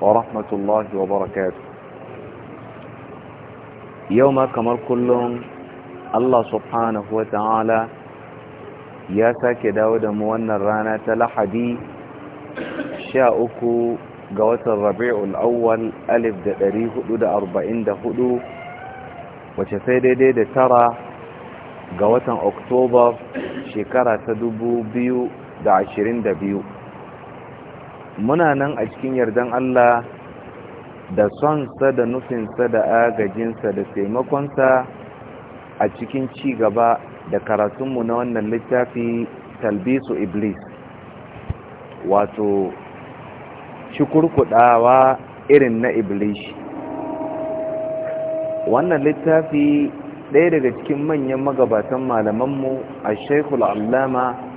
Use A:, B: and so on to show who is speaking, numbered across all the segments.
A: ورحمة الله وبركاته يوم كمر كلهم الله سبحانه وتعالى ya sake dawo da mu wannan rana ta lahadi sha uku ga watan rabi'ul awwal alif da ɗari hudu da arba'in da hudu wace sai daidai da tara ga watan oktobar shekara ta dubu biyu da ashirin da biyu muna nan a cikin yardan Allah da sonsa da nufinsa da agajinsa da taimakonsa a cikin ci gaba da karatunmu na wannan littafi talbisu iblis wato cikurkudawa irin na iblis wannan littafi ɗaya daga cikin manyan magabatan malamanmu a shaikul allama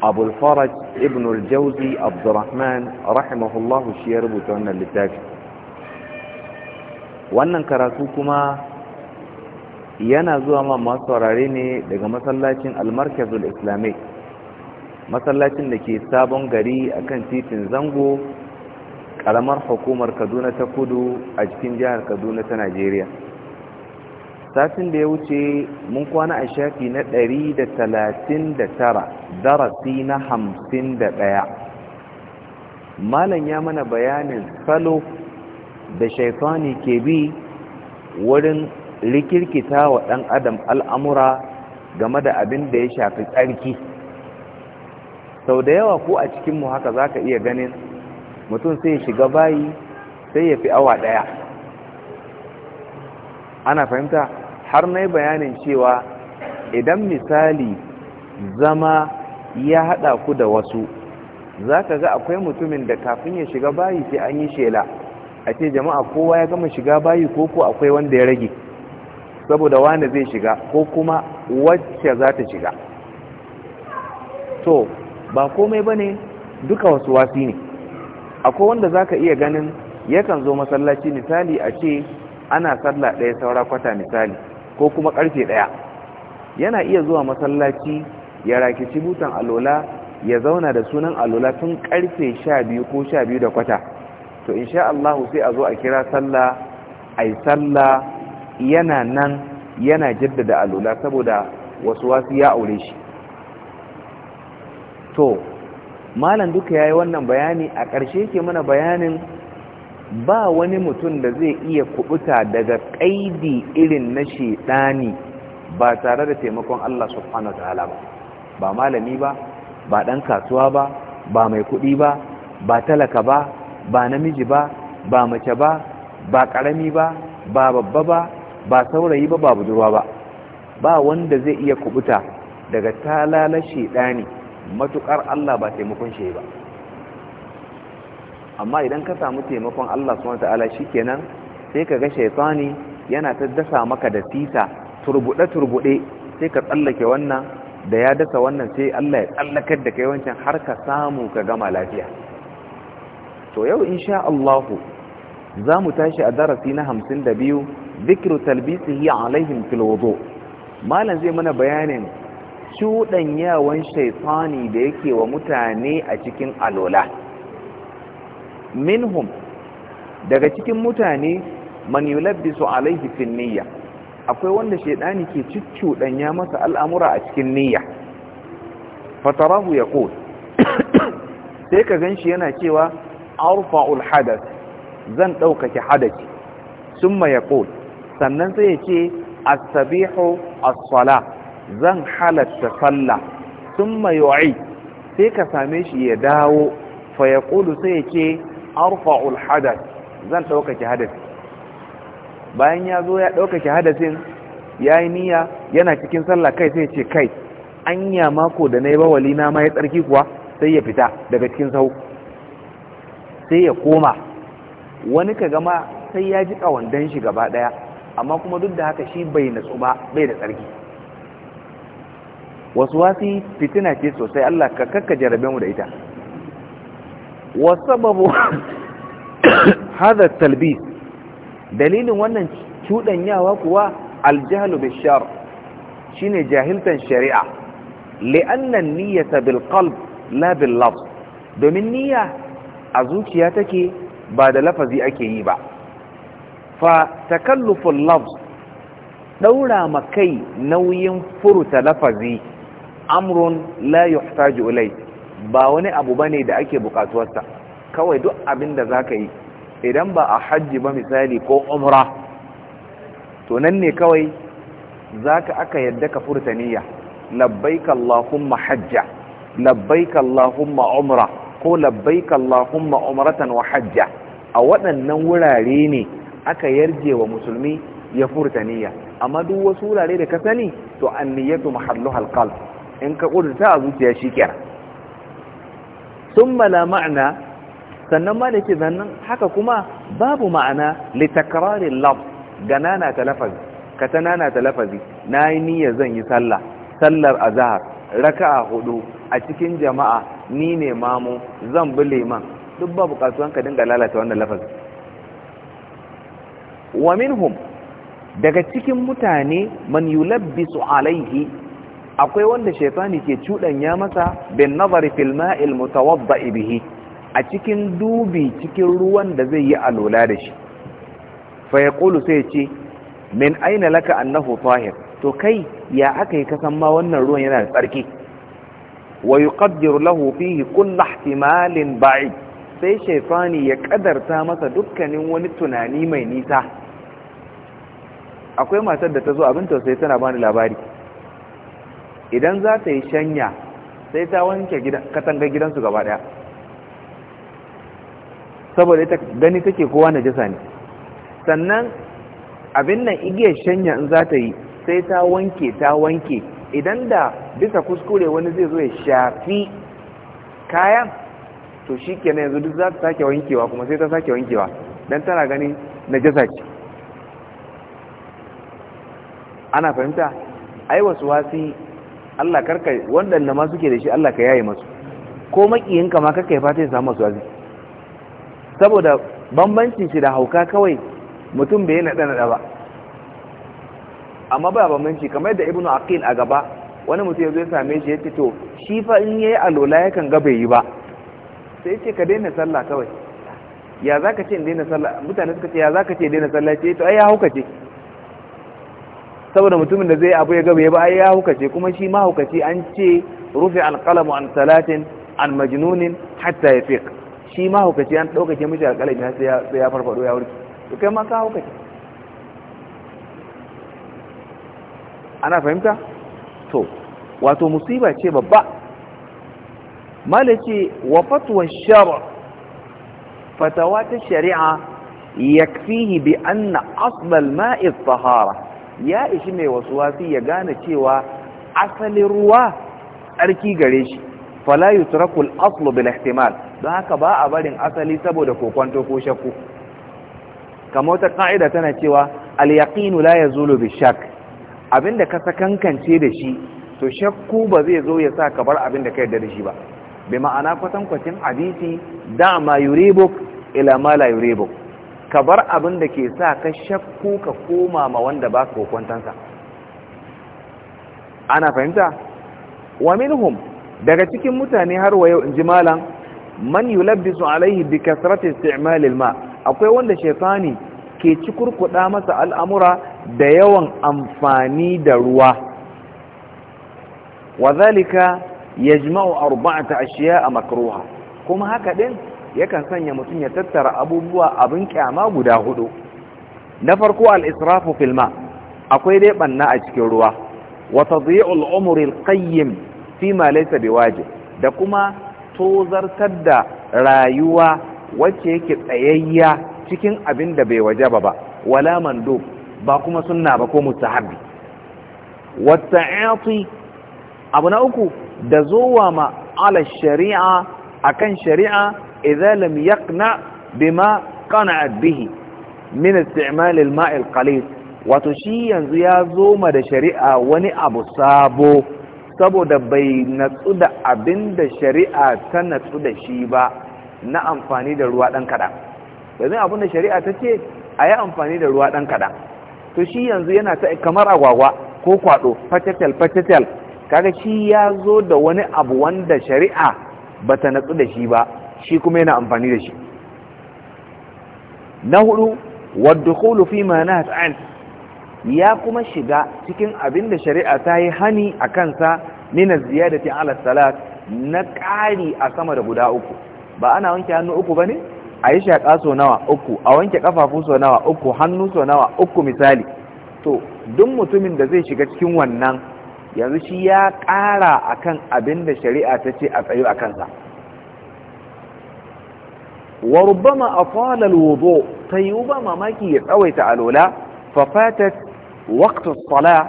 A: أبو الفرج ابن abdulrahman عبد الرحمن رحمه الله شير wannan karatu kuma yana zuwa ma masu saurare ne daga masallacin almarkazul islamic masallacin da ke sabon gari akan titin zango karamar hukumar kaduna ta kudu a cikin jihar kaduna ta najeriya Safin da ya wuce mun kwana a shafi na da da talatin tara darasi na hamsin da ɗaya. malam ya mana bayanin salo da shaifani ke bi wurin rikirkita wa ɗan adam al'amura game da abin da ya shafi tsarki sau da yawa ko a cikinmu haka za ka iya ganin mutum sai ya shiga bayi sai ya fi awa ɗaya ana fahimta har na yi bayanin cewa idan misali zama ya haɗa ku da wasu za ka ga akwai mutumin da kafin ya shiga bayi sai an yi shela a ce jama'a kowa ya gama shiga bayi ko ko akwai wanda ya rage saboda wani zai shiga ko kuma wacce za ta shiga to ba komai ba ne duka wasu wasi ne akwai wanda za ka iya ganin yakan zo masallaci misali a ce ana sallah ɗaya saura kwata misali ko kuma ƙarfe ɗaya yana iya zuwa masallaci ya rakici butan alola ya zauna da sunan alola tun ƙarfe sha biyu ko sha biyu da kwata to in sha Allahu sai a zo a kira sallah yi sallah yana nan yana jaddada alola saboda wasu wasu ya aure shi to malam duka ya yi wannan bayani a ƙarshe ke mana bayanin ba wani mutum da zai iya kuɓuta daga kaidi irin na shedani ba tare da taimakon Allah subhanahu wataala ba ba malami ba ba dan kasuwa ba ba mai kuɗi ba ba talaka ba ba namiji ba ba mace ba ba ƙarami ba ba babba ba ba saurayi ba ba budurwa ba ba wanda zai iya kuɓuta daga talalar shedani matukar Allah ba taimakon shi ba amma idan ka samu taimakon Allah ta'ala shi kenan sai ka ga shaytani yana ta dasa maka da sita turbuɗe turbuɗe sai ka tsallake wannan da ya dasa wannan sai Allah ya tsallakar da kai wancan har ka samu ka gama lafiya to yau insha allahu za mu tashi a darasi na 52 dhikru talbisihi alaihim fil wudu malam zai mana bayanin cuɗanyawan shaitani da yake wa mutane a cikin alola minhum daga cikin mutane man yulabbisu alaihi fil niyya akwai wanda shedani ke ya masa al'amura a cikin niyya fatarahu yaqul sai ka ganshi yana cewa arfa'ul hadath zan daukake hadathi summa yaqul sannan sai yace as-sabihu as sala zan halatta sallah summa yu'i sai ka same shi ya dawo fa yaqulu sai yace arfa'ul hadath zan ɗaukake hadasi bayan ya zo ya ɗaukake hadasin ya yi niyya yana cikin sallah kai sai ce kai anya mako da na yi bawali na ma ya tsarki kuwa sai ya fita daga cikin sau sai ya koma wani ka gama sai ya ji kawandan shi gaba ɗaya amma kuma duk da haka shi bai natsu ba bai da tsarki wasu wasi fitina ce sosai allah ka kakka jarabe mu da ita وسبب هذا التلبيس دليل wannan cudanyawa kuwa aljahlu bishar shine jahiltan shari'a li'anna niyyata bil qalb la bil domin niyya a zuciya take ba da lafazi ake yi ba fa takalluful lafz daura makai nauyin furuta lafazi amrun la yuhtaju ilayhi ba wani abu bane da ake bukatuwarsa kawai duk abin da zaka yi idan ba a hajji ba misali ko umra to nan ne kawai zaka aka yadda ka furta niyya labbaika allahumma hajja labbaika allahumma umra ko labbaika allahumma umratan wa hajja a waɗannan wurare ne aka yarje wa musulmi ya furta niyya amma duk wasu wurare da ka sani to niyyatu mahallu qalb in ka kudurta a zuciya shikenan sun mala ma'ana sannan ma da ke zannan haka kuma babu ma'ana littakararin lab ga nana talafazi ka ta nana talafazi na yi niyya zan yi sallah sallar azahar raka'a hudu a cikin jama'a ni ne mamu zan bi liman duk babu kasuwan ka dinga lalata wannan lafazi wa minhum daga cikin mutane man yulabbisu alaihi akwai wanda shefani ke cuɗan ya masa bin nazari fil ma'il mutawadda bihi a cikin dubi cikin ruwan da zai yi alola da shi fa Kulu sai ce min aina laka annahu tahir to kai ya aka yi kasan ma wannan ruwan yana da tsarki wa yuqaddiru lahu fihi kullu ihtimalin ba'id sai shefani ya ƙadarta masa dukkanin wani tunani mai nisa akwai matar da ta zo abin tausayi tana bani labari idan za ta yi shanya sai ta wanke katanga gidansu gaba daya saboda ita gani take kowa na jisa ne sannan abin nan igiyar shanya in za ta yi sai ta wanke ta wanke idan da bisa kuskure wani zai zo ya shafi kayan to shi kenan yanzu duk za ta sake wankewa kuma sai ta sake wankewa don tana gani na jisa ce ana fahimta ai wasu wasi Allah karka waɗanda ma suke da shi Allah ka yaye masu ko makiyinka ma karka ya fata ya samu masu azi saboda bambancin shi da hauka kawai mutum bai naɗa naɗa ba amma ba bambanci kamar da ibnu aqil a gaba wani mutum ya zo ya same shi ya ce to shi fa in yayi alola yakan ga bai yi ba sai ce ka daina sallah kawai ya zaka ce in daina sallah mutane suka ce ya zaka ce daina sallah ce to ai ya hauka ce saboda mutumin da zai abu ya gaba ya ba ya hukace kuma shi ma hukace an ce rufi alqalamu an salatin an majnunin hatta yafiq shi ma hukace an daukake mishi alqalami sai ya sai ya farfado ya warke to kai ma ka hukace ana fahimta to wato musiba ce babba malaki wa fatwa shara fatawa ta shari'a yakfihi bi anna asbal ma'i tahara ya ishi mai wasu wasi ya gane cewa asalin ruwa tsarki gare shi Falayu turakul Aslo bil ihtimal don haka ba a barin asali saboda kokonto ko shakku kamar wata ka'ida tana cewa al yaqinu la yazulu bi shak abinda ka sakankance da shi to shakku ba zai zo ya sa ka bar abinda ka yarda da shi ba bi ma'ana kwatankwacin hadisi da ma yuribuk ila ma la yuribuk ka bar abin da ke sa ka shakku ka koma ma wanda ba ka kwantansa ana fahimta wa minhum daga cikin mutane har wa yau in ji malam man yulabbisu alaihi bi kasrati isti'mal alma akwai wanda shaytani ke cikurkuda masa al'amura da yawan amfani da ruwa wa zalika yajma'u arba'ata ashiya'a makruha kuma haka din yakan sanya mutum ya tattara abubuwa abin kyama guda hudu na farko al-israfu fil akwai dai banna a cikin ruwa wa tadhi'ul umri al-qayyim fi ma laysa biwajib da kuma tozartar da rayuwa wacce yake tsayayya cikin abin da bai waje ba ba, wala mando ba kuma sunna ba ko mustahabi wa ta'ati abu na uku da zowa ma ala shari'a akan shari'a إذا لم يقنع بما قنعت به من استعمال الماء القليل وتشي ينزيازو مدى شريعة وني da shari'a سابو دبي نتسود أبند شريعة تنتسود شيبا نعم فاني دروا دان كدا domin abinda shari'a ta ce a amfani da ruwa ɗan kaɗan to shi yanzu yana ta kamar agwagwa ko kwaɗo fatetel fatetel kaga shi ya zo da wani abu wanda shari'a ba ta natsu da shi ba shi kuma yana amfani da shi na hudu wadda fi ma na ya kuma shiga cikin abin da shari'a ta yi hani a kansa nina ziyadatin ala salat na ƙari a sama da guda uku ba ana wanke hannu uku ba ne a yi shaƙa so nawa uku a wanke ƙafafu so nawa uku hannu so nawa uku misali to duk mutumin da zai shiga cikin wannan yanzu shi ya ƙara a kan abin da shari'a ta ce a tsayo a kansa wa rubbama ta alwudu tayyuba mamaki ya tsawaita alola fa fatat waqtu as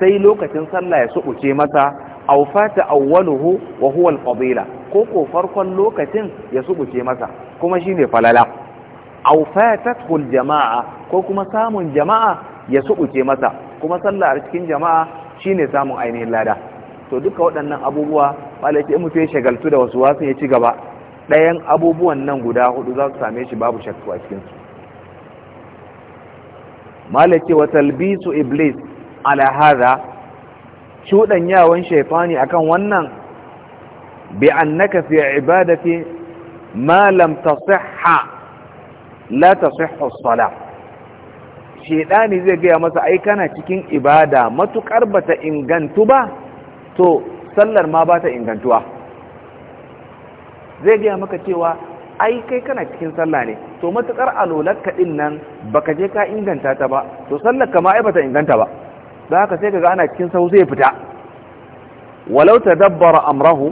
A: sai lokacin sallah ya subuce masa aw fata awwaluhu wa huwa al ko ko farkon lokacin ya subuce masa kuma shine falala aw fatathu al-jama'a ko kuma samun jama'a ya subuce masa kuma sallah a cikin jama'a shine samun ainihin lada to duka waɗannan abubuwa malaka in shagaltu da wasu wasu ya ci gaba ɗayan abubuwan nan guda hudu za su same shi babu shakku a cikinsu malake wa talbisu iblis ala hadha cudanyawan shaifani akan wannan bi annaka fi ibadati ma lam tasihha la tasihhu as-salah ne zai gaya masa ai kana cikin ibada matukar bata ingantu ba to sallar ma bata ingantuwa zai gaya maka cewa ai kai kana cikin sallah ne to matukar alolarka din nan baka je ka inganta ta ba to sallar ka ma ai bata inganta ba da haka sai kaga ana cikin sahu sai fita walau tadabbara amrahu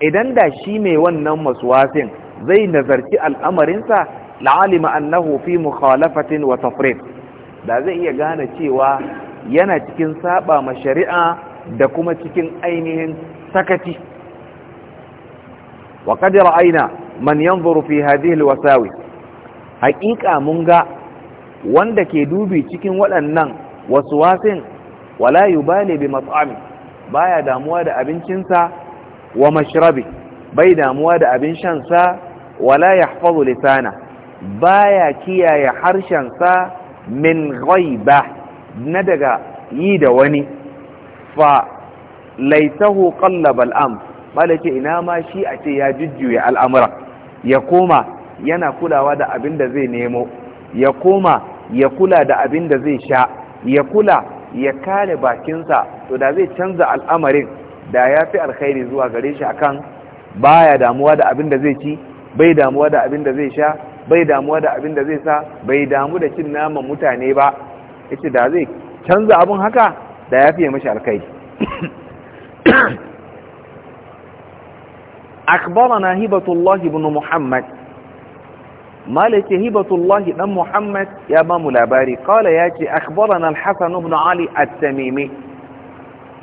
A: idan da shi mai wannan maswasin zai nazarci al'amarinsa la'alima annahu fi mukhalafatin wa tafrid da zai iya gane cewa yana cikin saba ma shari'a da kuma cikin ainihin sakaci وقد رأينا من ينظر في هذه الوساوس حقيقة منغا wanda ke dubi cikin waɗannan wasuwasin wala yubali bi mat'ami baya damuwa da abincinsa wa mashrabi bai damuwa da abin sa wala yahfazu lisana baya kiyaye harshen sa min ghaiba na daga yi da wani fa laitahu qallaba al-amr bala ce ina ma shi a ce ya jujjuya al'amura ya koma yana kulawa da abin da zai nemo ya koma ya kula da abin da zai sha ya kula ya kare bakinsa to da zai canza al'amarin da ya fi alkhairi zuwa gare shi akan baya damuwa da abin da zai ci bai damuwa da abin da zai sha bai damuwa da abin da zai sa bai damu da cin naman mutane ba ce da zai canza abin haka da ya fiye mashi alkhairi أخبرنا هبة الله بن محمد مالك هبة الله بن محمد يا مام الأباري قال ياتي أخبرنا الحسن بن علي التميمي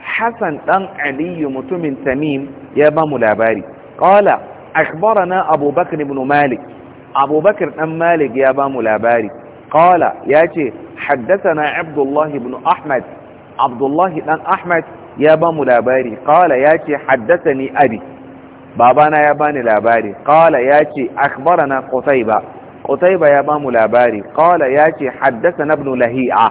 A: حسن بن علي متم تميم يا مام الأباري قال أخبرنا أبو بكر بن مالك أبو بكر بن مالك يا مام الأباري قال ياتي حدثنا عبد الله بن أحمد عبد الله بن أحمد يا مام الأباري قال ياتي حدثني أبي babana ya bani labari qala yace akbarana qutayba qutayba ya bamu labari qala yace haddasa ibn lahi'a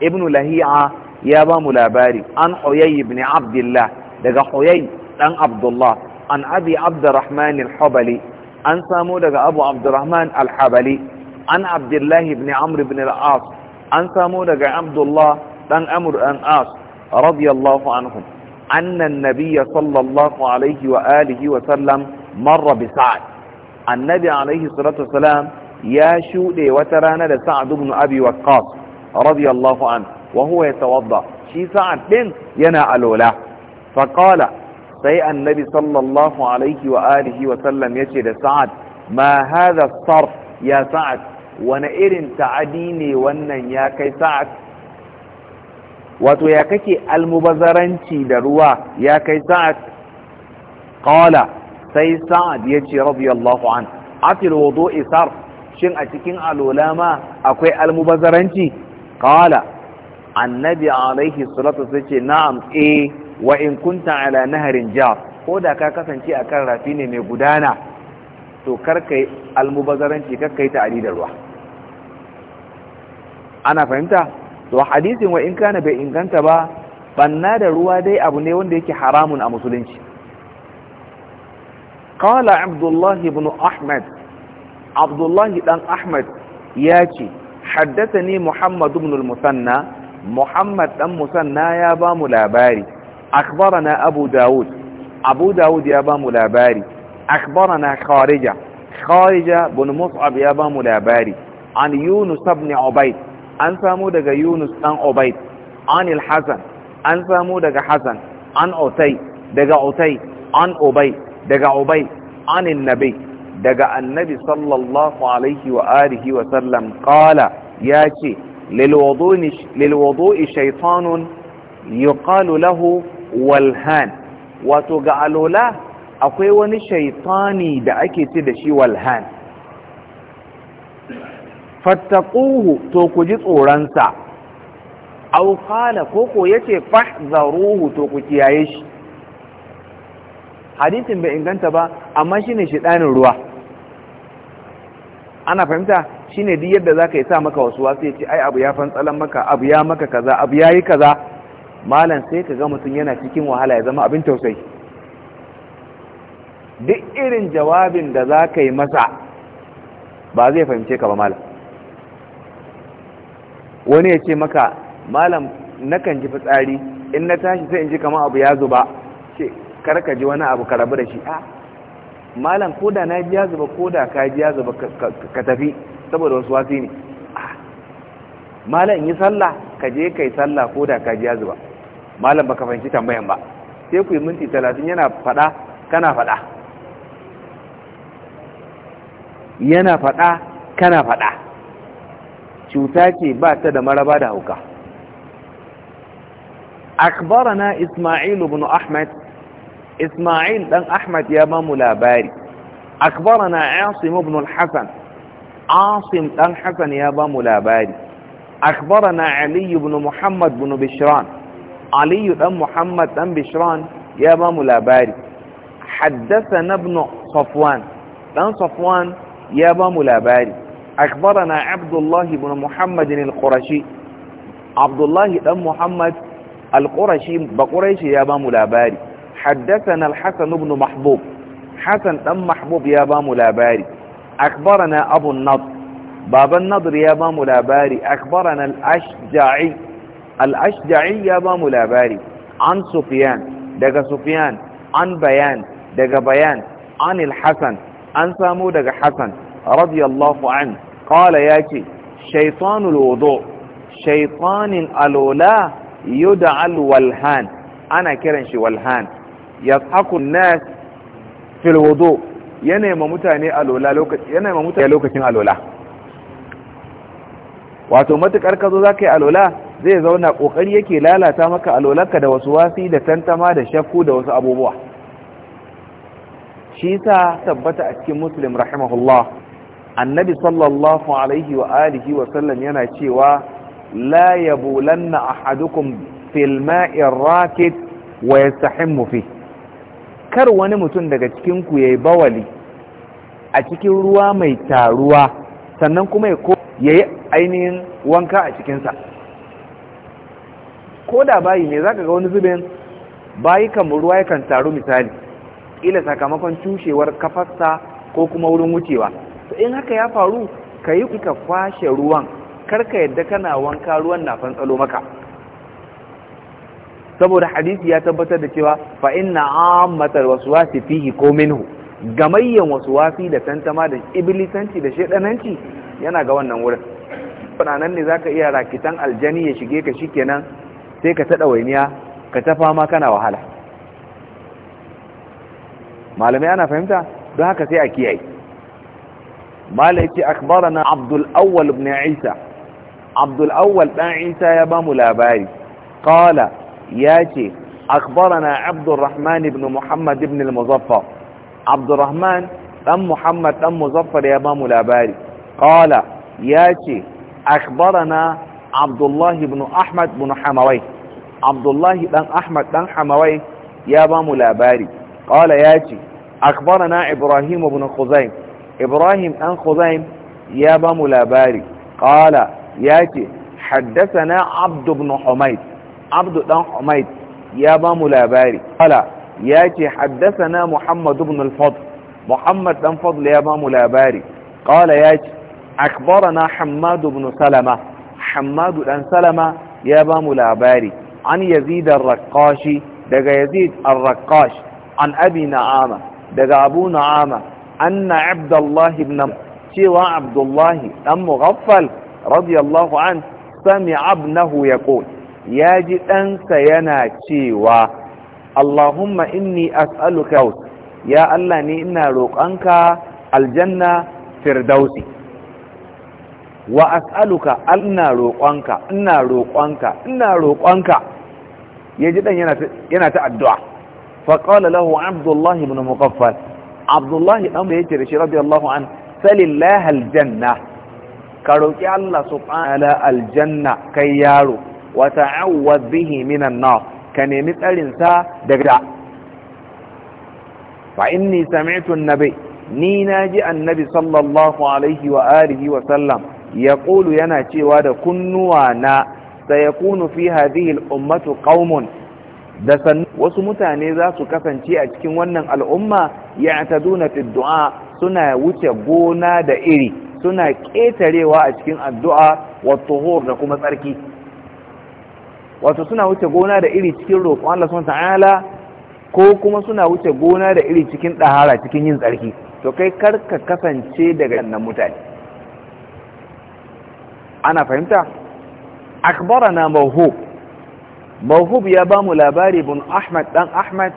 A: ibn lahi'a ya bamu labari an huyay ibn abdullah daga huyay dan abdullah an abi abdurrahman al-hubali an samu daga abu abdurrahman al-hubali an abdullah ibn amr ibn al-as an samu daga abdullah dan amr an as radiyallahu anhum annan nabiyya sallallahu alaihi wa alihi wa sallam marra bi sa'ad annabi alaihi salatu ya shuɗe wata rana da sa'ad ibn abi waqqas radiyallahu an wa huwa shi sa'ad ɗin yana alola fa qala sai annabi sallallahu alaihi wa alihi wa sallam yace da sa'ad ma hadha sarf ya sa'ad wani irin ta'adi ne wannan ya kai sa'ad wato ya kake almubazzaranci da ruwa ya kai sa'ad qala sai sa'ad ya ce radiyallahu an afil wudu'i isar. shin a cikin alola ma akwai almubazzaranci qala annabi alaihi salatu sai ce na'am eh wa in kunta ala naharin ko da ka kasance akan rafi ne mai gudana to karkai almubazzaranci karkai ta da ruwa ana fahimta to hadisin wa in kana bai inganta ba banna da ruwa dai abu ne wanda yake haramun a musulunci qala abdullah ibn ahmad abdullah dan ahmad yace haddathani muhammad ibn al-musanna muhammad dan musanna ya ba mu labari akhbarana abu daud abu daud ya ba mu labari akhbarana kharija kharija ibn mus'ab ya ba mu labari an yunus ibn ubayd an samu daga yunus ɗan obaid anil hasan an samu daga hasan an otai daga otai an obai daga obai anin nabi daga annabi sallallahu alaihi wa alihi wa sallam qala ya ce lilwudu'i shaytanun yuqalu lahu walhan wato ga alola akwai wani shaytani da ake ce da shi walhan fattaquhu to ku ji tsoronsa aw qala koko yace fahzaruhu to ku kiyaye shi hadisin bai inganta ba amma shine shidanin ruwa ana fahimta shine duk yadda zaka yi sa maka wasu wasu yace ai abu ya fantsalan maka abu ya maka kaza abu yayi kaza malam sai ka ga mutum yana cikin wahala ya zama abin tausayi duk irin jawabin da za ka yi masa ba zai fahimce ka ba malam wani ya ce maka malam nakan ji fitsari in na tashi sai in ji kamar abu ya zuba ce karka ji wani abu karabu da shi a ah, malam da na ji ya zuba da ka ji ya zuba ka tafi saboda wasu wasi ne ah, malam yi sallah ka je kai sallah da ka ji ya zuba malam baka fahimci tambayan ba sai ku yi minti talatin yana fada kana fada yana fada kana fada cuta ce ba ta da maraba da hauka akbarana isma'il ibn ahmad isma'il dan ahmad ya ba mu labari akbarana asim ibn hasan asim dan hasan ya ba mu labari akbarana ali ibn muhammad ibn bishran ali dan muhammad dan bishran ya ba mu labari haddathana ibn safwan dan safwan ya ba mu labari أخبرنا عبد الله بن محمد القرشي عبد الله بن محمد القرشي بقريشي يا بام لاباري حدثنا الحسن بن محبوب حسن بن محبوب يا بام لاباري أخبرنا أبو النضر بابا النضر يا بام لاباري أخبرنا الأشجعي الأشجعي يا بام لاباري عن سفيان دقى سفيان عن بيان دقى بيان عن الحسن an samu daga Hassan radiyallahu an qala yace shaytanul wudu alola? alula da walhan ana kiran shi walhan ya an na fil wudu yana ma mutane alola lokacin lokacin alola wato matukar ka zo zaka yi alola zai zauna kokari yake lalata maka alolarka da wasu wasi da tantama da shakku da wasu abubuwa shi sa tabbata a cikin muslim rahimahullah annabi sallallahu alaihi wa alihi wa sallam yana cewa la yabulanna ahadukum fil ma'ir rakit wa yastahimmu fi kar wani mutum daga cikin ku yayi bawali a cikin ruwa mai taruwa sannan kuma ya yayi ainihin wanka a cikinsa ko da bayi ne zaka ga wani zubin bayi kan ruwa yakan taru misali ila sakamakon cushewar kafasta ko kuma wurin wucewa to in haka ya faru ka yi ka kwashe ruwan karka yadda kana wanka ruwan na fantsalo maka saboda hadisi ya tabbatar da cewa fa inna wasu waswasi fihi ko minhu gamayyan waswasi da tantama da iblisanci da shedananci yana ga wannan wurin fananan ne zaka iya rakitan aljani ya shige ka shikenan sai ka ta dawainiya ka ta fama kana wahala malamai ana fahimta don haka sai a kiyaye malaki akbarana abdul awwal ibn isa abdul awwal dan isa ya bamu labari qala yace akbarana abdul rahman ibn muhammad ibn al-muzaffar abdul rahman dan muhammad dan muzaffar ya bamu labari ce, yace akbarana Abdullahi ibn ahmad ibn hamawai Abdullahi dan ahmad dan hamawai ya bamu labari ce, yace akbarana ibrahim ibn khuzaim ibrahim ɗan khuzaim ya ba mu labari qala yace haddathana abd ibn humayd abd dan humayd ya ba mu labari qala yace haddathana muhammad ibn al-fadl muhammad dan fadl ya ba mu labari qala yace akbarana hammad ibn salama hammad dan salama ya ba mu labari an yazid ar-raqashi daga yazid ar-raqash an abi na'ama daga abu na'ama anna abdullahi ibn cewa abdullahi dan mughaffal radiyallahu an sami abnahu yaqul ya ji ɗansa yana cewa allahumma inni as'aluka ya Allah ni ina roƙonka aljanna firdausi wa as'aluka ina roƙonka ina roƙonka ina roƙonka ya ji ɗan yana ta addu'a faƙala lahu abdullahi ibn muqaffal abdullahi dan ya ce da shi radiyallahu an salillah aljanna ka roki Allah subhanahu aljanna kai yaro wa ta'awwad bihi minan nar ka nemi tsarin sa daga fa inni sami'tu an-nabi ni naji annabi sallallahu alaihi wa alihi wa sallam yaqulu yana cewa da kunnuwa na sayakunu fi hadhihi al-ummatu qaumun da san wasu mutane za su kasance a cikin wannan al'umma ya ta duna fiddu'a suna wuce gona da iri suna ƙetarewa a cikin addu'a wato da kuma tsarki wato suna wuce gona da iri cikin roƙon Allah sun ta'ala ko kuma suna wuce gona da iri cikin ɗahara cikin yin tsarki to kai karka kasance daga nan mutane ana fahimta akbara na mahu موهوب يا بامو باري بن أحمد بن أحمد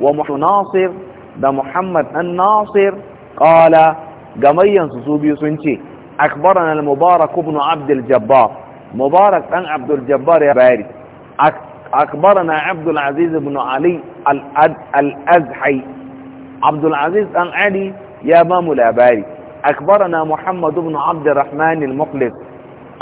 A: ومحمد ناصر ده محمد الناصر قال جميا سوبي سنتي أخبرنا المبارك بن عبد الجبار مبارك بن عبد الجبار يا باري أخبرنا عبد العزيز بن علي الأزحي عبد العزيز بن علي يا بامو باري أخبرنا محمد بن عبد الرحمن المخلص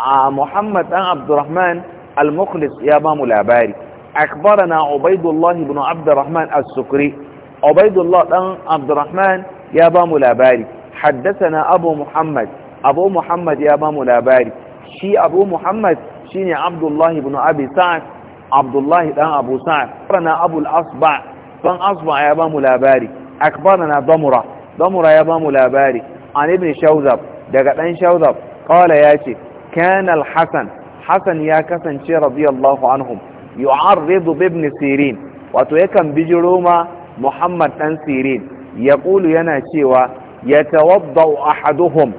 A: آه، محمد بن عبد الرحمن al-mukhlis ya ba mu labari akbarana ubaidullah ibn abdurrahman as-sukri ubaidullah dan abdurrahman ya ba mu labari haddathana abu muhammad abu muhammad ya ba mu labari shi abu muhammad shine abdullah ibn abi sa'd abdullah dan abu sa'd kana abu al ya ba mu labari akbarana damura damura ya ba mu labari an ibn daga dan shawzab qala ya ce. al Hassan. Hassan ya kasance radiyallahu anhum yu'arridu bi ibn sirin wato yakan bijiro ma muhammad dan sirin yaqulu yana cewa yatawaddau ahaduhum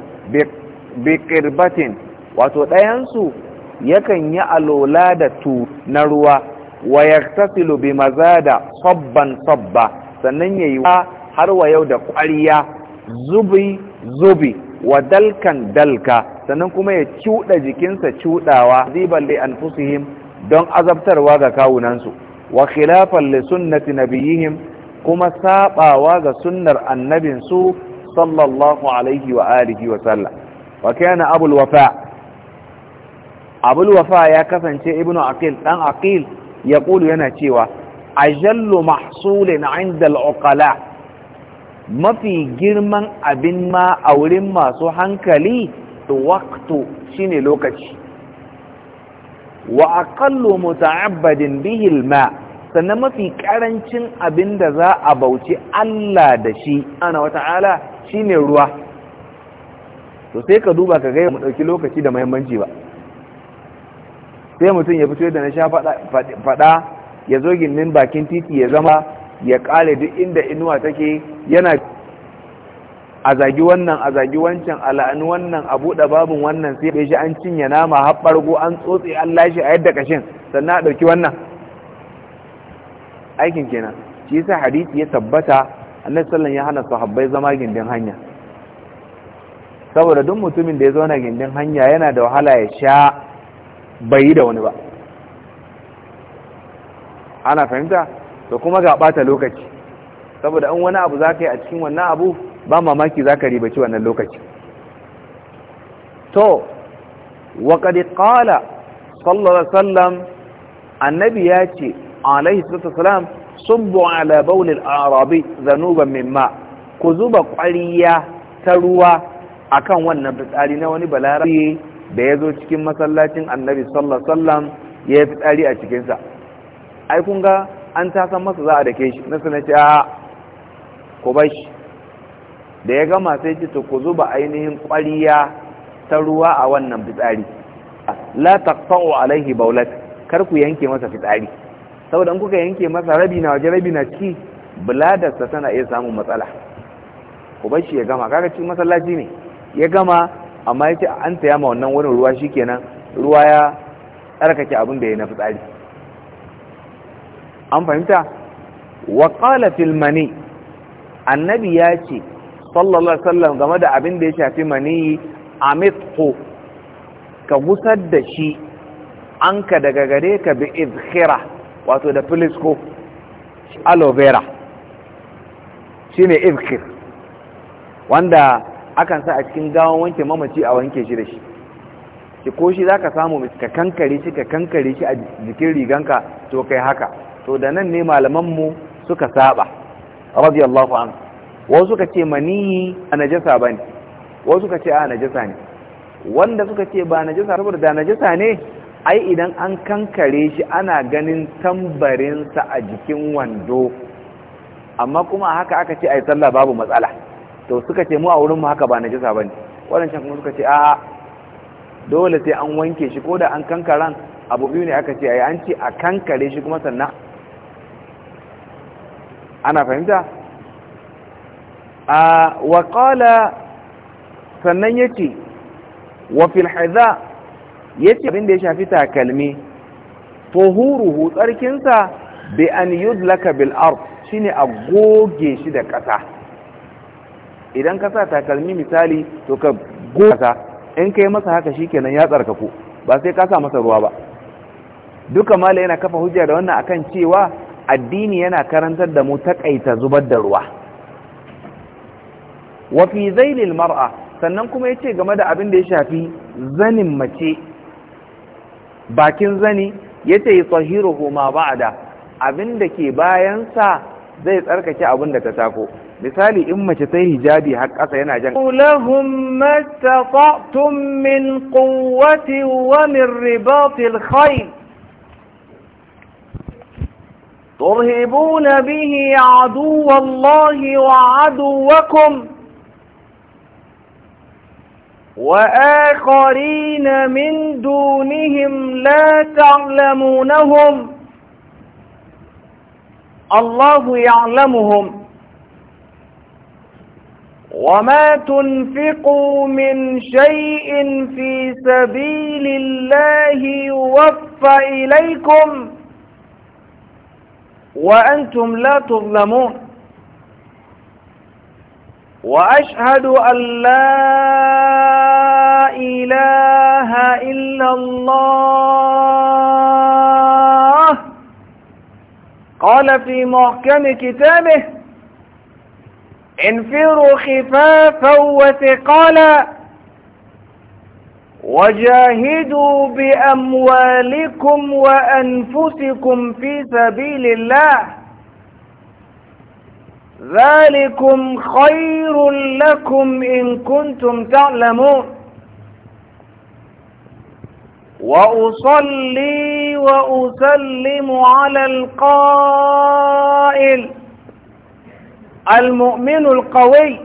A: bi qirbatin wato dayan su yakan yi alola da tu na ruwa wa yaktasilu bi mazada sabban sabba sannan yayi har wa yau da ƙwariya zubi zubi wa dalkan dalka sannan kuma ya cuɗa jikinsa cuɗawa ziban li anfusihim don azabtarwa ga kawunansu wa khilafan li sunnati nabiyihim kuma sabawa ga sunnar annabin su sallallahu alaihi wa alihi wa sallam wa kana abul wafa abul wafa ya kasance ibnu aqil dan aqil yaqulu yana cewa ajallu mahsulin 'inda al-uqala mafi girman abin ma a wurin masu hankali waktu shine lokaci wa aqallu muta'abbadin bihi alma sannan mafi karancin abin da za a bauci Allah da shi ana wata'ala shine ruwa to sai ka duba ka ga mu ɗauki lokaci da muhimmanci ba sai mutum ya fito da na sha fada ya zo gindin bakin titi ya zama ya kale duk inda inuwa take yana a zagi wannan a zagi wancan a wannan a buɗe babin wannan sai bai shi an cinye nama har an tsotse an lashe a yadda kashin sannan a ɗauki wannan aikin kenan shi yasa hadisi ya tabbata annabi sallan ya hana sahabbai zama gindin hanya saboda duk mutumin da ya zauna gindin hanya yana da wahala ya sha bai yi da wani ba ana fahimta da kuma ga bata lokaci saboda an wani abu zaka yi a cikin wannan abu ba mamaki zaka ribaci wannan lokaci to wa qad qala sallallahu alaihi annabi ya ce alaihi salatu wasalam subbu ala bawl al-arabi zanuban mimma ku zuba ƙwariya ta ruwa akan wannan fitsari na wani balarabi da ya zo cikin masallacin annabi sallallahu alaihi ya yi fitsari a cikinsa ai kun ga an ta san masa za a dake shi na sanar a ku shi da ya gama sai ce to ku zuba ainihin ƙwariya ta ruwa a wannan fitsari la taqta'u alaihi baulat kar ku yanke masa fitsari saboda in kuka yanke masa rabi na waje rabi na ci. ciki sa tana iya samun matsala ku shi ya gama kaga cikin masallaci ne ya gama amma yace an taya ma wannan wurin ruwa shikenan ruwa ya tsarkake abin da ya na fitsari an fahimta wa qalatil mani annabi ya ce sallallahu alaihi wasallam game da abin da ya shafi mani amitqu ka gusar da shi anka daga gare ka bi izkhira wato da filisko aloe vera shine izkhir wanda akan sa a cikin gawon wanke mamaci a wanke shi da shi ki ko shi zaka samu ka kankare shi ka kankare shi a jikin riganka to kai haka to da nan ne malamanmu suka saba radiyallahu an wasu suka ce mani a najasa bane wasu suka ce a najasa ne wanda suka ce ba najasa saboda da najasa ne ai idan an kankare shi ana ganin tambarinsa a jikin wando amma kuma haka aka ce ai sallah babu matsala to suka ce mu a wurin mu haka ba najasa bane wadancan kuma suka ce a dole sai an wanke shi ko da an kankaran abu biyu ne aka ce ai an ce a kankare shi kuma sannan ana fahimta a waƙala sannan ya ce wa filhaza ya ce abinda ya shafi takalmi tohuruhu tsarkinsa bi an Lakabil bil shi ne a goge shi da ƙasa idan ka sa takalmi misali to ka goga in ka yi masa haka shi kenan ya tsarkaku ba sai ka sa masa ruwa ba duka mala yana kafa hujja da wannan akan cewa addini yana karantar da mu takaita zubar da ruwa Wafi fi mar'a sannan kuma yace game da abin da ya shafi zanin mace bakin zani ya yatahiruhu ma homa abin da ke bayan sa zai tsarkake abin da ta tako misali in mace ta hijabi har ƙasa yana jan
B: lahum mastata'tum min quwwatin wa min ribatil khayl ترهبون به عدو الله وعدوكم وآخرين من دونهم لا تعلمونهم الله يعلمهم وما تنفقوا من شيء في سبيل الله يوفى إليكم وأنتم لا تظلمون وأشهد أن لا إله إلا الله قال في محكم كتابه انفروا خفافا وثقالا وجاهدوا بأموالكم وأنفسكم في سبيل الله ذلكم خير لكم إن كنتم تعلمون وأصلي وأسلم على القائل المؤمن القوي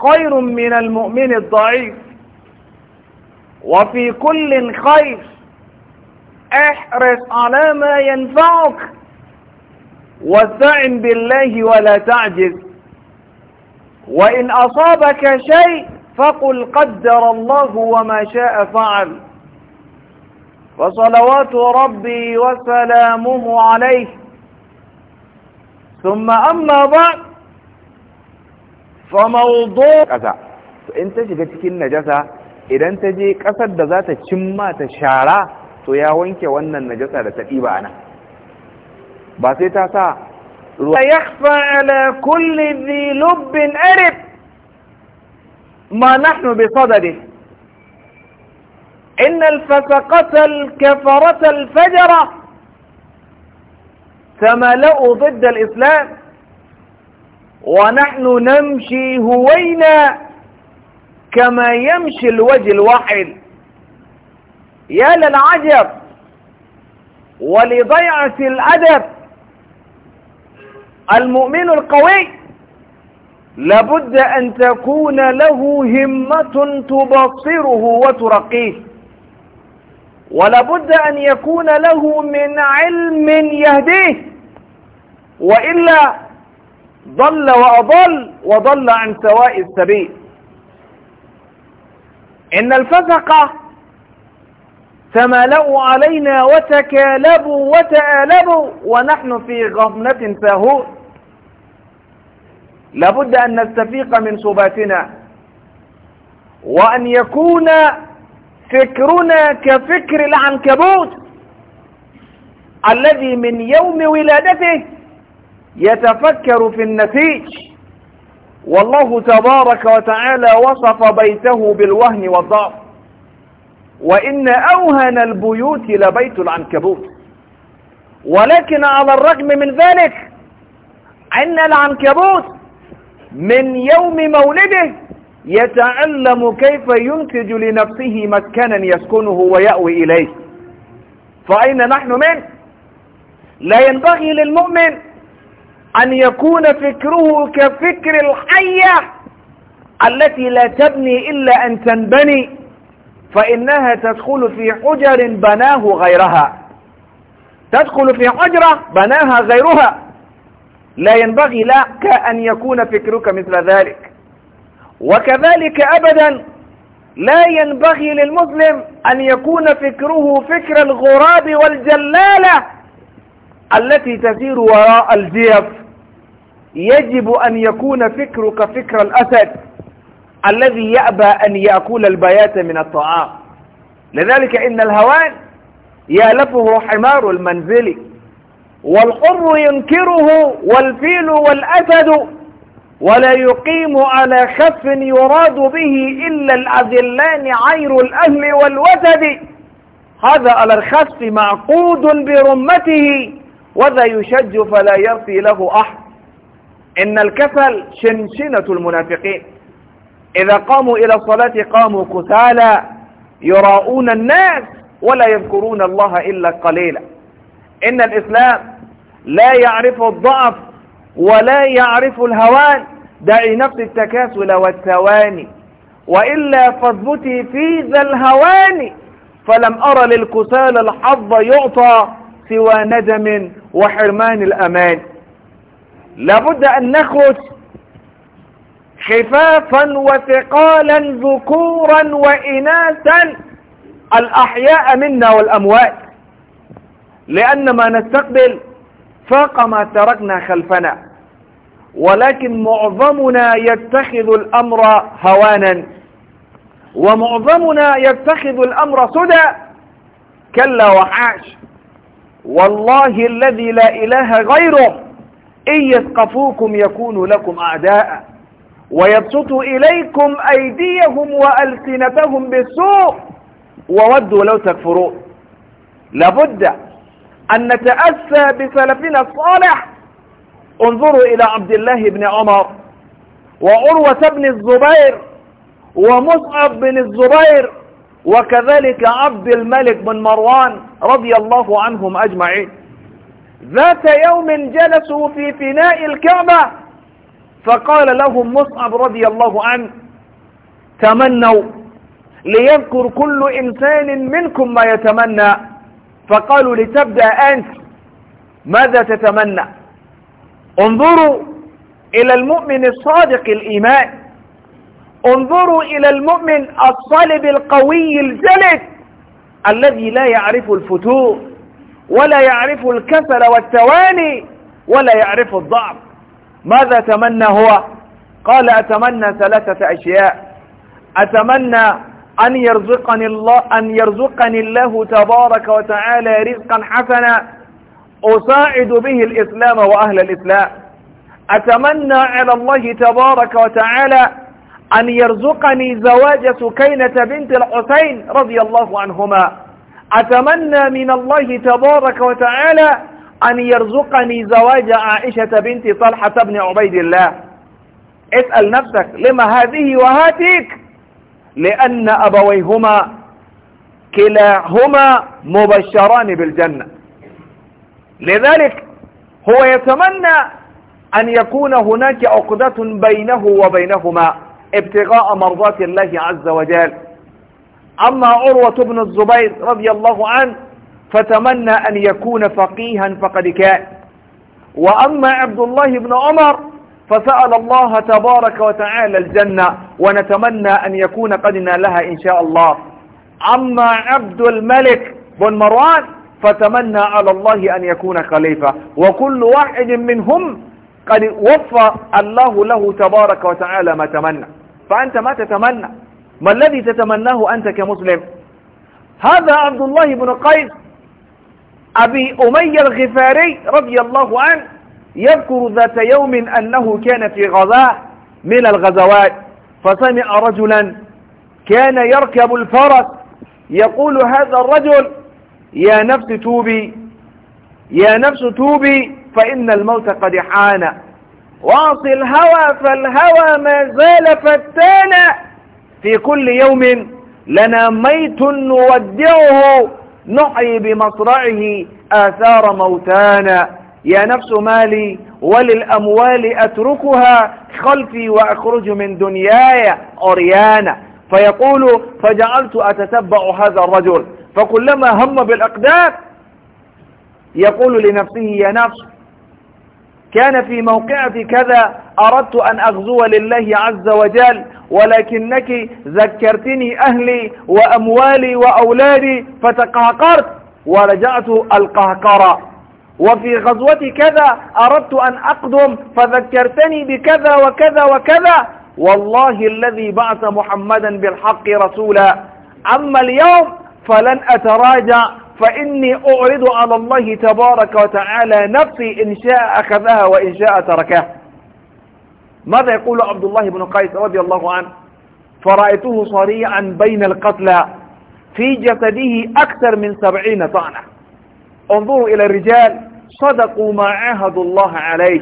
B: خير من المؤمن الضعيف وفي كل خير احرص على ما ينفعك واستعن بالله ولا تعجز وإن أصابك شيء فقل قدر الله وما شاء فعل وصلوات ربي وسلامه عليه
A: ثم أما بعد فموضوع أنت شكتك النجسة idan ta je kasar da za ta cimma ta shara to ya wanke wannan najasa da ta ɗiba nan ba sai ta sa ruwa ya
B: ala kulli zi arif ma nahnu bi sadari إن الفسقة الكفرة الفجرة تملأ ضد الإسلام ونحن نمشي هوينا كما يمشي الوجه الواحد يا للعجب ولضيعة الأدب المؤمن القوي لابد أن تكون له همة تبصره وترقيه ولابد أن يكون له من علم يهديه وإلا ضل وأضل وضل عن سواء السبيل إن الفزق تملأوا علينا وتكالبوا وتآلبوا
A: ونحن في غفلة فهو لابد أن نستفيق من سباتنا وأن يكون
B: فكرنا كفكر العنكبوت الذي من يوم ولادته يتفكر في النتيج
A: والله تبارك وتعالى وصف بيته بالوهن والضعف وإن أوهن البيوت لبيت العنكبوت ولكن
B: على الرغم من ذلك أن العنكبوت من
A: يوم مولده يتعلم كيف ينتج لنفسه مكانا يسكنه ويأوي إليه فأين نحن منه لا
B: ينبغي للمؤمن أن يكون فكره كفكر الحية
A: التي لا تبني إلا أن تنبني فإنها تدخل في حجر بناه غيرها تدخل في حجرة بناها غيرها لا ينبغي لك أن يكون فكرك مثل
B: ذلك وكذلك أبدا لا ينبغي للمسلم أن يكون فكره فكر الغراب والجلالة
A: التي تسير وراء الجيف يجب أن يكون فكرك فكر الأسد الذي يأبى أن يأكل البيات من الطعام لذلك إن الهوان يألفه حمار المنزل
B: والحر ينكره والفيل والأسد ولا يقيم على خف يراد به إلا الأذلان عير الأهل
A: والوسد هذا على الخف معقود برمته وذا يشج فلا يرثي له أحد إن الكسل شنشنة المنافقين إذا قاموا إلى الصلاة قاموا كسالى يراؤون الناس ولا يذكرون الله إلا قليلا إن الإسلام
B: لا يعرف الضعف ولا يعرف الهوان دعي نفس التكاسل والثواني وإلا فاثبتي في ذا الهوان
A: فلم أرى للكسال الحظ يعطى سوى ندم وحرمان الأمان لابد أن نخرج
B: خفافا وثقالا ذكورا وإناثا
A: الأحياء منا والأموات لأن ما نستقبل فاق ما تركنا خلفنا ولكن معظمنا
B: يتخذ الأمر هوانا ومعظمنا يتخذ الأمر سدى كلا وحاش والله الذي لا إله غيره إن يثقفوكم يكونوا لكم أعداء ويبسطوا إليكم أيديهم وألسنتهم بالسوء
A: وودوا لو تكفرون لابد أن نتأسى بسلفنا الصالح انظروا إلى عبد الله بن عمر
B: وعروة بن الزبير ومصعب بن الزبير وكذلك عبد الملك بن مروان رضي الله عنهم أجمعين ذات يوم جلسوا في فناء الكعبة فقال لهم مصعب
A: رضي الله عنه تمنوا ليذكر كل إنسان منكم ما يتمنى فقالوا لتبدأ أنت ماذا تتمنى انظروا إلى المؤمن الصادق الإيمان
B: انظروا إلى المؤمن الصلب القوي الجلد
A: الذي لا يعرف الفتور ولا يعرف الكسل والتواني ولا يعرف الضعف ماذا تمنى هو قال أتمنى ثلاثة أشياء أتمنى أن يرزقني الله أن يرزقني الله تبارك وتعالى رزقا حسنا أساعد
B: به الإسلام وأهل الإسلام أتمنى على الله تبارك وتعالى أن يرزقني زواج سكينة بنت الحسين رضي الله
A: عنهما أتمنى من الله تبارك وتعالى أن يرزقني زواج عائشة بنت طلحة بن عبيد الله اسأل نفسك لما هذه وهاتيك لأن أبويهما كلاهما مبشران بالجنة لذلك هو يتمنى أن يكون هناك عقدة بينه وبينهما ابتغاء مرضات الله عز وجل أما عروة بن الزبير رضي الله عنه فتمنى أن يكون فقيها فقد كان وأما عبد الله بن عمر فسأل الله تبارك وتعالى الجنة ونتمنى أن يكون قد نالها إن شاء الله أما عبد الملك بن مروان فتمنى على الله أن يكون خليفة وكل واحد منهم قد وفى الله له تبارك وتعالى ما تمنى فأنت ما تتمنى ما الذي تتمناه أنت كمسلم هذا عبد الله بن قيس أبي أمية الغفاري رضي الله عنه يذكر ذات يوم أنه كان في غزاة من الغزوات فسمع رجلا كان يركب الفرس
B: يقول هذا الرجل يا نفس توبي يا نفس توبي فإن الموت قد حان واصل الهوى فالهوى ما زال فتانا في كل يوم لنا ميت
A: نودعه نحيي بمصرعه آثار موتانا يا نفس مالي وللأموال أتركها خلفي وأخرج من دنياي أريانا فيقول فجعلت أتتبع هذا الرجل فكلما هم بالأقدار يقول لنفسه يا نفس كان في موقعة كذا أردت أن أغزو لله
B: عز وجل ولكنك ذكرتني أهلي وأموالي وأولادي فتقهقرت ورجعت القهقرة وفي غزوة كذا أردت أن أقدم فذكرتني بكذا وكذا وكذا
A: والله الذي بعث محمدا بالحق رسولا أما اليوم فلن أتراجع فإني أعرض على الله تبارك وتعالى نفسي إن شاء أخذها وإن شاء تركها ماذا يقول عبد الله بن قيس رضي الله عنه فرأيته صريعا بين القتلى في جسده أكثر من سبعين طعنة انظروا إلى الرجال صدقوا ما عاهدوا الله عليه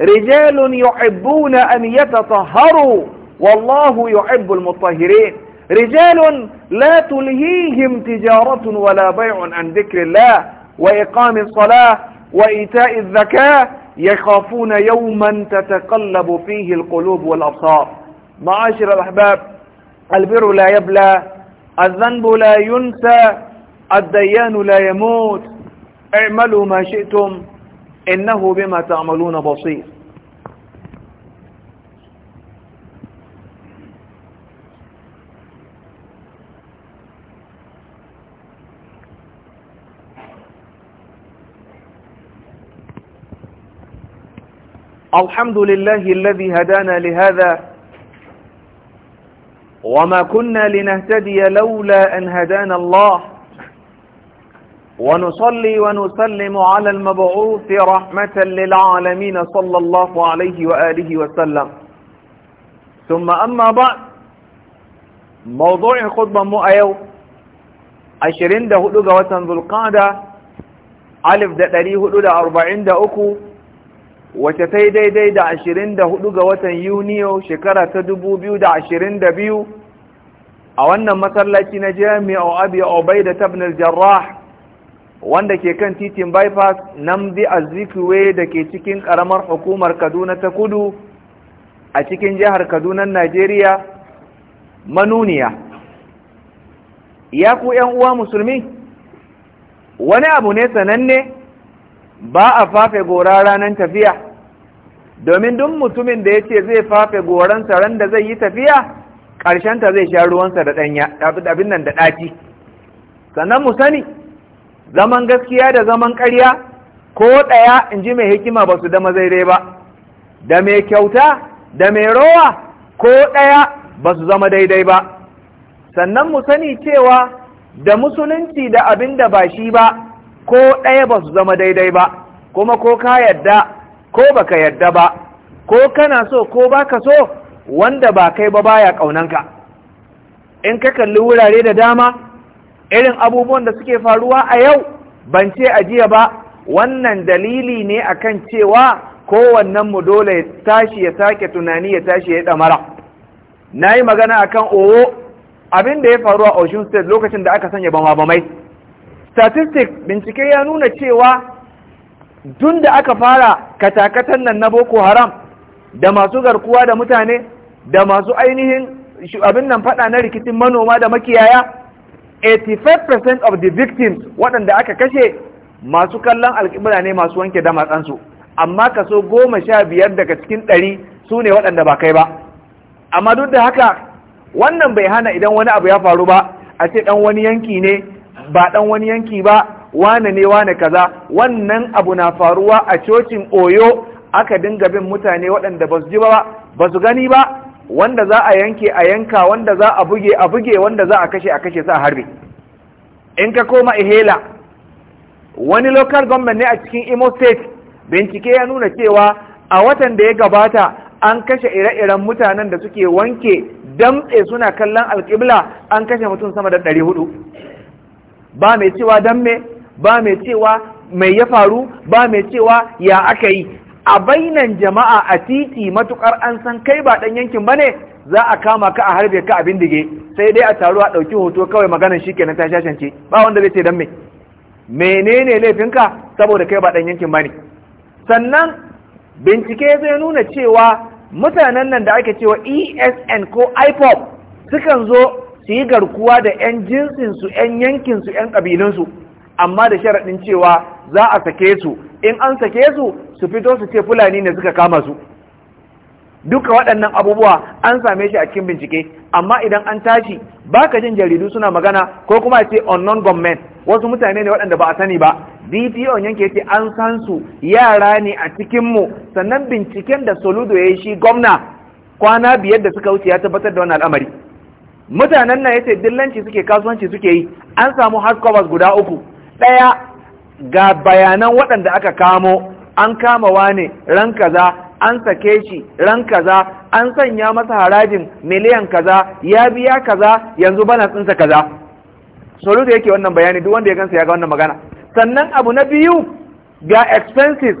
A: رجال يحبون أن يتطهروا والله يحب المطهرين رجال لا تلهيهم تجارة ولا بيع عن ذكر الله وإقام الصلاة وإيتاء الزكاة يخافون يوما تتقلب فيه القلوب والأبصار معاشر الأحباب البر لا يبلى الذنب لا ينسى الديان لا يموت اعملوا ما شئتم إنه بما تعملون بصير الحمد لله الذي هدانا لهذا وما كنا لنهتدي لولا أن هدانا الله ونصلي ونسلم على المبعوث رحمة للعالمين صلى الله عليه وآله وسلم ثم أما بعد موضوع خطبة مؤيو عشرين ده هدو جواتن ذو القعدة ألف ده تريه هدو أربعين wace ta yi daidai da ashirin 24 ga watan yuniyo shekara ta 2022 a wannan masallaci na jami'a abu obai da tabnar jarrah wanda ke kan titin bypass namdi azikiwe da ke cikin karamar hukumar kaduna ta kudu a cikin jihar kaduna najeriya manuniya ya ku uwa musulmi wani abu ne sananne ba a fafe gora ranar tafiya domin duk mutumin da ya ce zai fafe goransa saran da zai yi tafiya ta zai sha ruwansa da ɗanya abin nan da ɗaci sannan mu sani zaman gaskiya da zaman ƙarya ko ɗaya in ji mai hikima ba su da mazaire ba da mai kyauta da mai rowa ko ɗaya ba su zama daidai ba sannan mu sani cewa da musulunci da abin da ba shi ba ko ɗaya ba su zama daidai ba kuma ko ka yadda ko baka yadda ba ko kana so ko baka so wanda ba kai ba baya ƙaunanka in ka kalli wurare da dama irin abubuwan da suke faruwa a yau ban ce a jiya ba wannan dalili ne akan cewa kowannen mu dole ya tashi ya sake tunani ya tashi ya ɗamara na yi magana akan owo abin da ya faru a ocean state lokacin da aka sanya bama bamai statistics bincike ya nuna cewa tun da aka fara katakatan nan na boko haram da masu garkuwa da mutane da masu ainihin abin nan fada na rikicin manoma da makiyaya 85% of the victims waɗanda aka kashe masu kallon alƙibla ne masu wanke damatsansu amma kaso goma sha biyar daga cikin ɗari su ne waɗanda ba kai ba amma duk da haka wannan bai hana idan wani abu ya faru ba a ce ɗan wani yanki ne ba ɗan wani yanki ba wane ne wane kaza wannan abu na faruwa a cocin oyo aka dinga bin mutane waɗanda ba su ji ba ba su gani ba wanda za a yanke a yanka wanda za a buge a buge wanda za a kashe a kashe sa harbe in ka koma ihela wani local government ne a cikin imo state bincike ya nuna cewa a watan da ya gabata an kashe ire-iren mutanen da suke wanke damtse suna kallon alƙibla an kashe mutum sama da ɗari hudu ba mai cewa dan me ba mai cewa mai ya faru ba mai cewa ya aka yi a bainan jama'a a titi matukar an san kai ba dan yankin bane za a kama ka a harbe ka abin dige sai dai a taru a dauki hoto kawai maganar shikenan ta shashance ba wanda zai ce dan me menene ka saboda kai ba dan yankin bane sannan bincike zai nuna cewa mutanen nan da ake cewa ESN ko IPOP sukan zo su yi garkuwa da 'yan jinsinsu 'yan yankinsu 'yan ƙabilunsu amma da sharaɗin cewa za a sake su in an sake su su fito su ce fulani ne suka kama su duka waɗannan abubuwa an same shi a cikin bincike amma idan an tashi baka jin jaridu suna magana ko kuma ce unknown government wasu mutane ne waɗanda ba a sani ba dpo yanke ce an san su yara ne a cikinmu sannan binciken da soludo ya yi shi gwamna kwana biyar da suka wuce ya tabbatar da wani al'amari mutanen nan yace dillanci suke kasuwanci suke yi an samu hard guda uku ɗaya ga bayanan waɗanda aka kamo an kama wane ran kaza an sake shi ran kaza an sanya masa harajin miliyan kaza ya biya kaza yanzu bana tsinsa kaza solo da yake wannan bayani duk wanda ya gansa ya ga wannan magana sannan abu na biyu ga expenses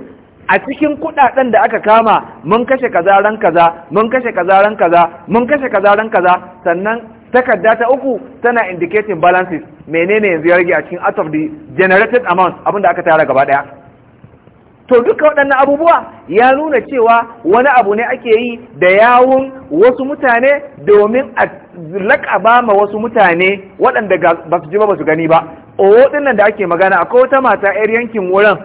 A: a cikin kudaden da aka kama mun kashe kaza ran kaza mun kashe kaza ran kaza mun kashe kaza ran kaza sannan takarda ta uku tana indicating balances menene yanzu ya rage a cikin out of the generated amount da aka tara gaba daya to duka waɗannan abubuwa ya nuna cewa wani abu ne ake yi da yawun wasu mutane domin a laƙaba ma wasu mutane waɗanda ba su ji ba su gani ba owo ɗinnan da ake magana akwai wata mata 'yar yankin wurin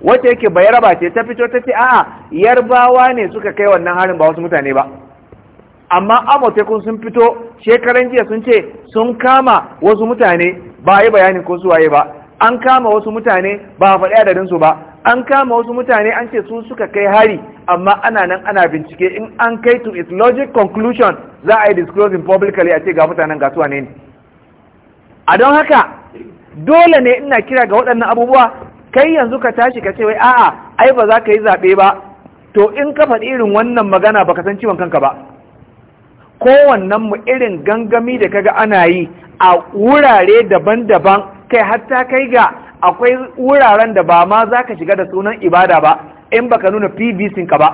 A: wacce yake bayaraba ce ta fito ta ce a'a yarbawa ne suka kai wannan harin ba wasu mutane ba amma amotekun sun fito shekaran jiya sun ce sun kama wasu mutane ba yi bayanin ko suwaye ba an kama wasu mutane ba a faɗi adadinsu ba an kama wasu mutane an ce su suka kai hari amma ana nan ana bincike in an kai to its logic conclusion za a yi disclosing publicly a ce ga mutanen ga suwa ne a don haka dole ne ina kira ga waɗannan abubuwa kai yanzu ka tashi ka ce wai a'a ai ba za ka yi zaɓe ba to in ka faɗi irin wannan magana ba ka san ciwon kanka ba kowannen mu irin gangami da kaga ana yi a wurare daban-daban kai hatta kai ga akwai wuraren da ba ma za ka shiga da sunan ibada ba in baka nuna pbc ka ba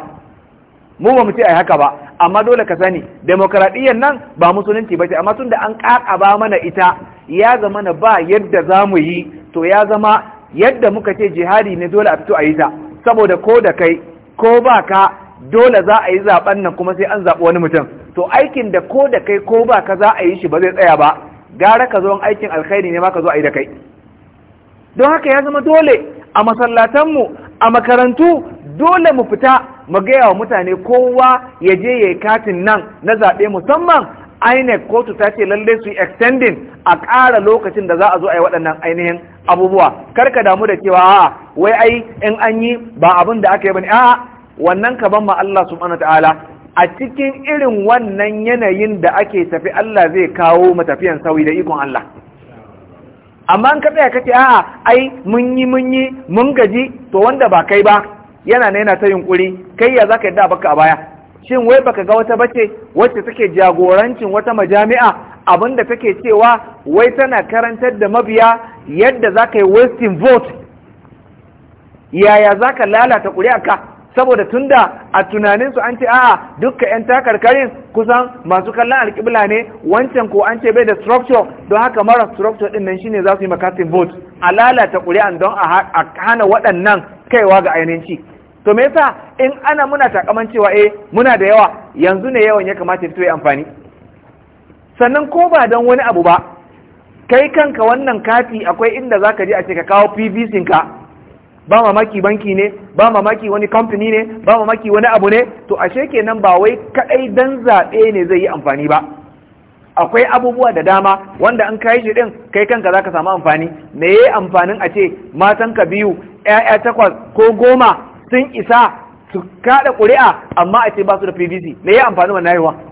A: mu ba mu ce a haka ba amma dole ka sani demokaradiyyar nan ba musulunci ba ce amma tun da an ba mana ita ya zama na ba yadda za mu yi to ya zama yadda muka ce jihadi ne dole a fito a yi ta saboda ko da kai ko ba ka dole za a yi zaɓen nan kuma sai an zaɓi wani mutum to aikin da ko da kai ko ba ka za a yi shi ba zai tsaya ba gara ka zo aikin alkhairi ne ma ka zo a yi da kai don haka ya zama dole a masallatanmu a makarantu dole mu fita mu gaya wa mutane kowa ya je ya yi katin nan na zaɓe musamman INEC kotu ta ce lalle su yi extending a ƙara lokacin da za a zo a yi waɗannan ainihin abubuwa kar ka damu da cewa a wai ai in an yi ba abin da aka yi bane a wannan ka ban ma Allah subhanahu wa ta'ala a cikin irin wannan yanayin da ake tafi Allah zai kawo matafiyan sauyi da ikon Allah amma an ka tsaya kace a'a ai mun yi mun yi mun gaji to wanda ba kai ba yana ne yana ta yunkuri kai ya zaka yadda baka a baya shin wai baka ga wata bace wacce take jagorancin wata majami'a abinda take cewa wai tana karantar da mabiya yadda za ka yi wasting vote yaya za ka lalata ƙuri'arka saboda tunda a tunaninsu an ce a dukka 'yan takarkarin kusan masu kallon alƙibla ne wancan ko an ce bai da structure don haka mara structure din nan shine za su yi makasin vote a lalata ƙuri'an don a hana waɗannan kaiwa ga ainihin to me yasa in ana muna takaman cewa eh muna da yawa yanzu ne yawan ya kamata ya fito ya amfani sannan ko ba don wani abu ba kai kanka wannan kati akwai inda zaka je a ce ka kawo PVC ka ba mamaki banki ne ba mamaki wani kamfani ne ba mamaki wani abu ne to ashe kenan ba wai kadai dan zaɓe ne zai yi amfani ba akwai abubuwa da dama wanda an kai shi din kai kanka zaka samu amfani me yayi amfanin a ce ka biyu ƴaƴa takwas ko goma sun isa su kada ƙuri'a amma a ce ba su da PVC me yayi amfanin wannan haihuwa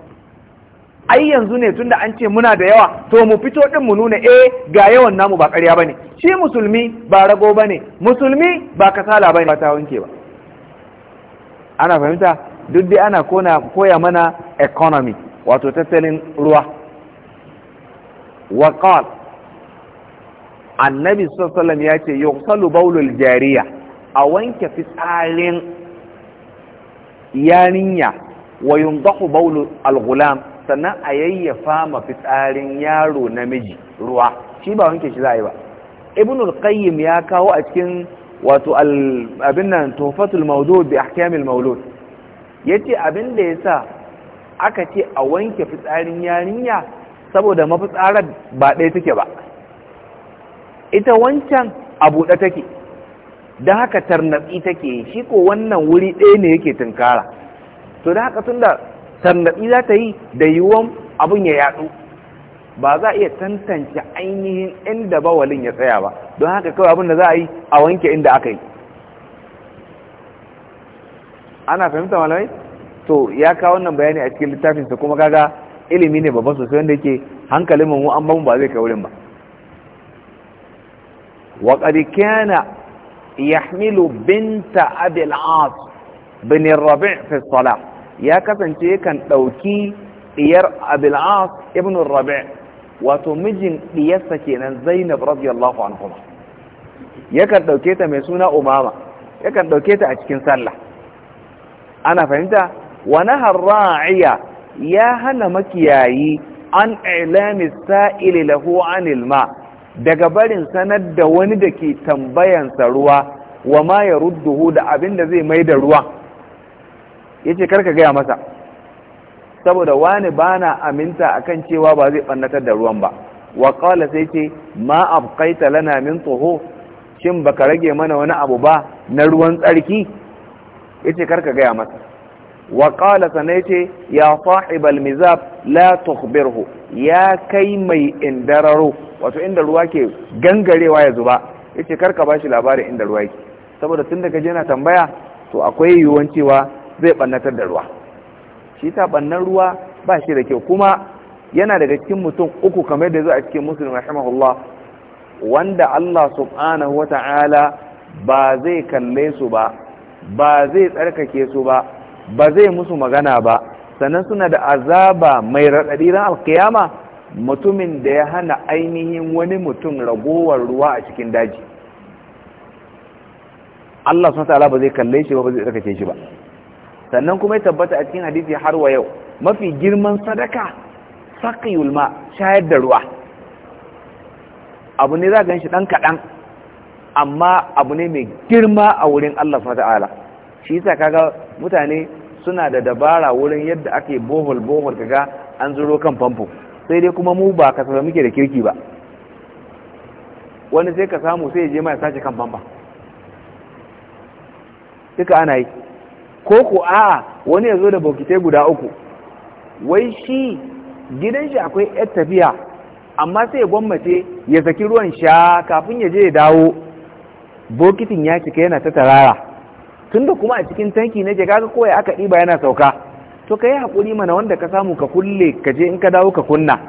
A: ai yanzu ne tunda an ce muna da yawa to mu fito din mu nuna eh ga yawan namu ba ƙarya bane shi musulmi ba rago bane musulmi ba kasala bane ba ta wanke ba ana fahimta duk dai ana kona koya mana economy wato tattalin ruwa wa qal annabi sallallahu alaihi ya ce yughsalu bawlul jariya a wanke fitsarin yarinya wa yunzahu bawlul al sannan a yayyafa ma fitsarin yaro namiji ruwa shi ba wanke shi za a yi ba ibn al-qayyim ya kawo a cikin wato abin nan tuhfatul mawdud bi ahkamil mawlud yace abin da yasa aka ce a wanke fitsarin yarinya saboda mafitsarar ba ɗaya take ba ita wancan a buɗe take don haka tarnabi take shi ko wannan wuri ɗaya ne yake tunkara to da haka tun tangaɗi za ta yi da yiwuwan abin ya yaɗu ba za a iya tantance ainihin inda bawalin ya tsaya ba don haka kawai abin da za a yi a wanke inda aka yi ana fahimta malamai to ya kawo wannan bayani a cikin littafinsa kuma kaga ilimi ne babban sosai wanda yake hankalin mu an bamu ba zai kai wurin ba wa qad kana yahmilu binta abil as bin rabi' fi ya kasance yakan ɗauki ɗiyar abil'as ibn rabi' wato mijin ɗiyarsa kenan zainab radiyallahu anhu yakan ɗauke ta mai suna umama yakan ɗauke ta a cikin sallah ana fahimta wani harra'iya ya hana makiyayi an ilami sa'ili lahu anil ma daga barin sanar da wani da ke tambayansa ruwa wa ma ya rudduhu da abin da zai mai da ruwa yace karka gaya masa saboda wani bana aminta a kan cewa ba zai ɓannatar da ruwan ba wa qala sai ce ma abqaita lana min tsoho shin baka rage mana wani abu ba na ruwan tsarki yace karka gaya masa wa qala sanai ce ya sahibal mizab la tukhbirhu ya kai mai indararo wato inda ruwa ke gangarewa ya zuba yace karka shi labarin inda ruwa yake saboda tun da jina tambaya to akwai yiwuwan cewa zai ɓannatar da ruwa shi ta ɓannan ruwa ba shi da kyau kuma yana daga cikin mutum uku kamar da zo a cikin musulun rahimahullah wanda Allah subhanahu ta'ala ba zai kalle su ba ba zai tsarkake su ba ba zai musu magana ba sannan suna da azaba mai raɗaɗi ran alkiyama mutumin da ya hana ainihin wani mutum ragowar ruwa a cikin daji Allah sun ta'ala ba zai kalle shi ba ba zai tsarkake shi ba sannan kuma ya tabbata a cikin hadisi har wa yau mafi girman sadaka saƙi ulma, shayar da ruwa abu ne za gan shi ɗan kaɗan amma abu ne mai girma a wurin Allah ta'ala shi yasa kaga mutane suna da dabara wurin yadda ake bohol bohol kaga an zuro kan famfo sai dai kuma mu ba sami muke da kirki ba wani sai ka samu sai ya je ma ya sace kan famfa duka ana yi ko ku a'a wani ya zo da bokitai guda uku wai shi gidan shi akwai yar tafiya amma sai ya gwammace ya saki ruwan sha kafin ya je ya dawo bokitin ya cika yana ta tarara tunda kuma a cikin tanki na ga kawai aka ɗiba yana sauka to ka yi haƙuri mana wanda ka samu ka kulle ka je in ka dawo ka kunna